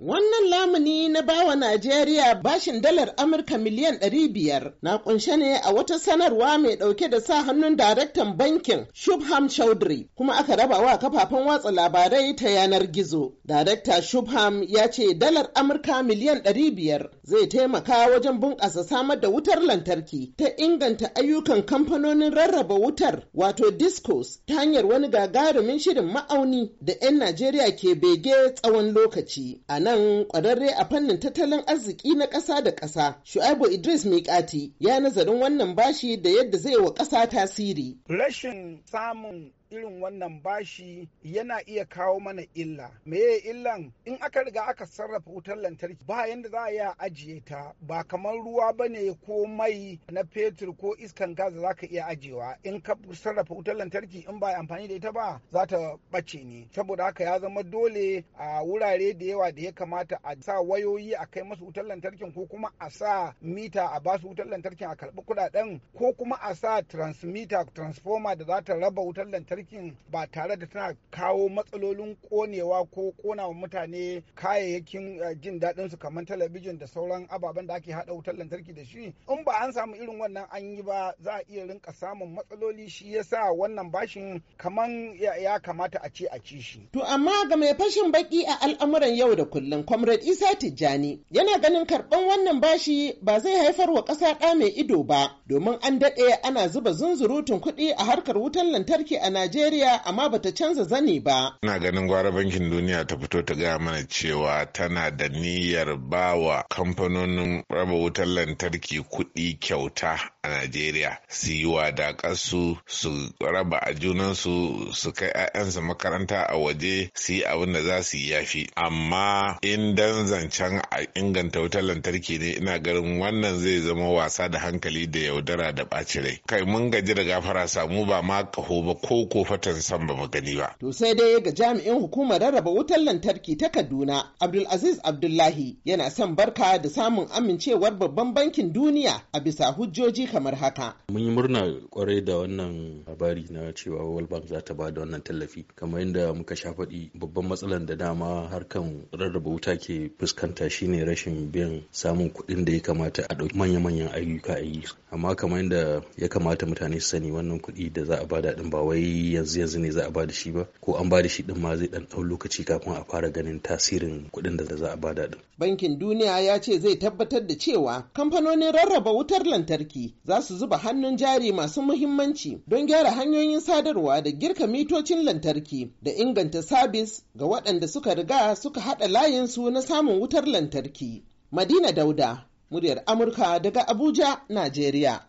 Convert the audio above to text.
Wannan lamuni na bawa Najeriya bashin dalar Amurka miliyan 500 na kunshe ne a wata sanarwa mai ɗauke da sa hannun daraktan bankin Shubham Chaudhry kuma aka raba wa kafafen watsa labarai ta yanar gizo. Darakta Shubham ya ce dalar Amurka miliyan 500 zai taimaka wajen bunƙasa samar da wutar lantarki ta inganta ayyukan kamfanonin rarraba wutar wato discos ta hanyar wani gagarumin shirin ma'auni da 'yan Najeriya ke bege tsawon lokaci. nan ƙwararre a fannin tattalin arziki na ƙasa da ƙasa shu'aibu idris miƙati ya nazarin wannan bashi da yadda zai wa ƙasa tasiri rashin samun irin wannan bashi yana iya kawo mana illa meye illan in aka riga aka sarrafa wutar lantarki ba yadda za a yi a ajiye ta ba kamar ruwa ba ne ko mai na fetur ko iskan gas za ka iya ajiyewa in ka sarrafa wutar lantarki in ba amfani da ita ba za ta ɓace ne saboda haka ya zama dole a wurare da yawa da ya kamata a sa wayoyi a kai masu wutar lantarkin ko kuma a sa mita a basu wutar lantarkin a karɓi kuɗaɗen ko kuma a sa transmitter transformer da za ta raba wutar lantarki lantarkin ba tare da tana kawo matsalolin konewa ko ƙonawa mutane kayayyakin eh, jin daɗin su kamar talabijin da sauran ababen da ake haɗa wutar lantarki da shi in ba an samu irin wannan an yi ba za a iya rinka samun matsaloli shi yasa wannan bashin kaman ya kamata a ce a ci shi. To amma ga mai fashin baki a al'amuran yau da kullum Comrade Isa Tijjani yana ganin karɓan wannan bashi ba zai haifar wa ƙasa ɗa mai ido ba domin an daɗe ana zuba zunzurutun kuɗi a harkar wutar lantarki a Najeriya. Najeriya amma bata canza zani ba. Ina ganin gwara bankin duniya ta fito ta gaya mana cewa tana da niyyar bawa kamfanonin raba wutar lantarki kuɗi kyauta a Najeriya su yi wadaƙarsu su raba a junansu su kai 'ya'yansu makaranta a waje su yi abin da za su yi yafi. Amma in dan zancen a inganta wutar lantarki ne ina ganin wannan zai zama wasa da hankali da yaudara da ɓacin rai. Kai mun gaji da gafara samu ba ma kaho ba koko. ko fatan san ba gani ba. To sai dai ga jami'in hukumar rarraba wutar lantarki ta Kaduna Abdulaziz Abdullahi yana son barka da samun amincewar babban bankin duniya a bisa hujjoji kamar haka. Mun yi murna kwarai da wannan labari na cewa World Bank za ta ba da wannan tallafi kamar yadda muka sha faɗi babban matsalar da dama harkan rarraba wuta ke fuskanta shine rashin biyan samun kuɗin da ya kamata a ɗauki manya-manyan ayyuka a yi amma kamar yadda ya kamata mutane su sani wannan kuɗi da za a bada ɗin ba wai kuɗi yanzu yanzu ne za a bada shi ba ko an bada shi din ma zai dan ɗau lokaci kafin a fara ganin tasirin kuɗin da za a bada din. Bankin Duniya ya ce zai tabbatar da cewa kamfanonin rarraba wutar lantarki za su zuba hannun jari masu muhimmanci don gyara hanyoyin sadarwa da girka mitocin lantarki da inganta sabis ga waɗanda suka riga suka haɗa layinsu na samun wutar lantarki. Madina Dauda, muryar Amurka daga Abuja, Najeriya.